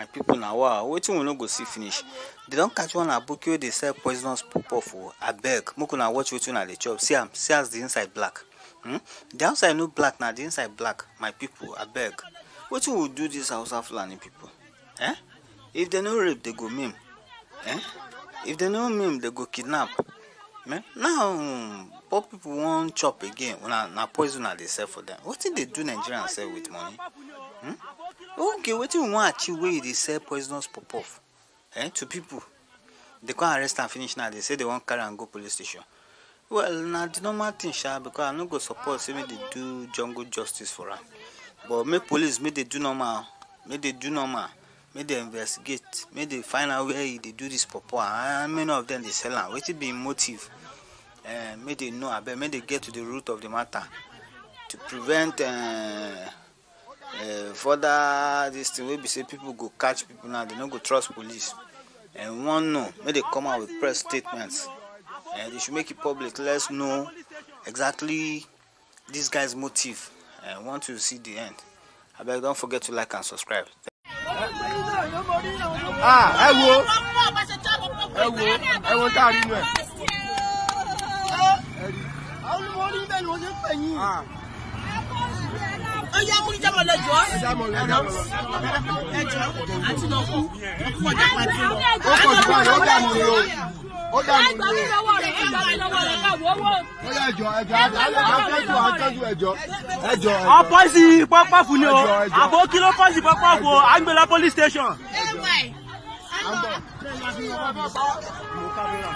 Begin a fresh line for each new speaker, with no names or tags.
my people now, wow wetin we no go see finish They don't catch one aboki wey dey sell poisonous puff for. abeg make una watch wetin una dey chop see am see as di inside black hmm? The outside no black na the inside black my pipo abeg wetin we do this hausa fulani people? eh? if they no rape they go maim eh? if they no maim they go kidnap eh? now um, poor people wan chop again una na poison una dey sell for dem wetin dey do nigerians sell with money hmm? okay wetin we wan achieve wey you dey sell poisonous puff eh, to pipo dey come arrest am finish now dey say dey wan carry am go police station well na the normal thing sha because i no go support say make dey do jungle justice for am but make police make dey do normal make dey do normal make dey investigate make dey find out where e dey do this pawpaw and many of them, dey sell am wetin be im motive uh, make dey know abeg make dey get to the root of the matter to prevent uh, uh, eh, further this thing wey be say people go catch people now they no go trust police and we wan know make they come out with press statements and eh, they should make it public Let's know exactly this guy's motive and want to see the end abeg don't forget to like and subscribe. ah ẹ wo ẹ wo ẹ wo tá a rí inú ẹ. ẹ rí. àwọn olùmọ̀ọ́rí bẹ́ẹ̀ ni wọ́n ṣe ń pè yín. Ah yá múlíjà mọ́ lẹ́jọ́ ẹjọ́ àti lọ kú kọjá pàtó lọ. ó kọjú àná ó dànù ni o ó dànù ni o. ẹgbẹ́ mi lọ́wọ́ rẹ̀ ẹgbẹ́ mi lọ́wọ́ rẹ̀ ká wọ́ wọ́. ó yẹ ẹjọ́ ẹjọ́ àtẹ́jú àtẹ́jú ẹjọ́ ẹjọ́. ọ̀pọ̀ sí pọ́pọ́fù ni o àbó kí ló pọ̀ sí pọ́pọ́fù o àgbélá police station. ẹ wà ẹ.